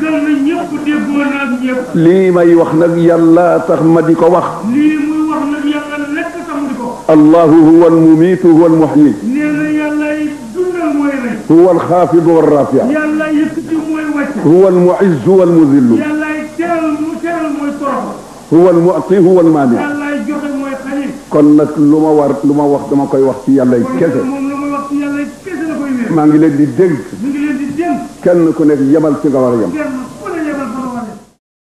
gëm ñëpp déggoo naag ñëpp lii may wax nag yàlla tax ma di ko wax lii muy wax nag yàlla nekk tax di ko allahu huwa almumiitu huwa almuhyi nee na yàlla dundal mooy rey huwa alxaafidu warrafia yàlla yëkkati mooy wàcc huwa almuizzu walmuzillu yàlla teral mu teral mooy toroxal huwa almuati huwa almaani yàlla joxe mooy xañi kon nag lu ma war lu ma wax dama koy wax ci yàlla kese moom lu ma wax ci yàlla kese la koy wér maa ngi leen di dégg kenn ku nekk yemal ci nga war a yem.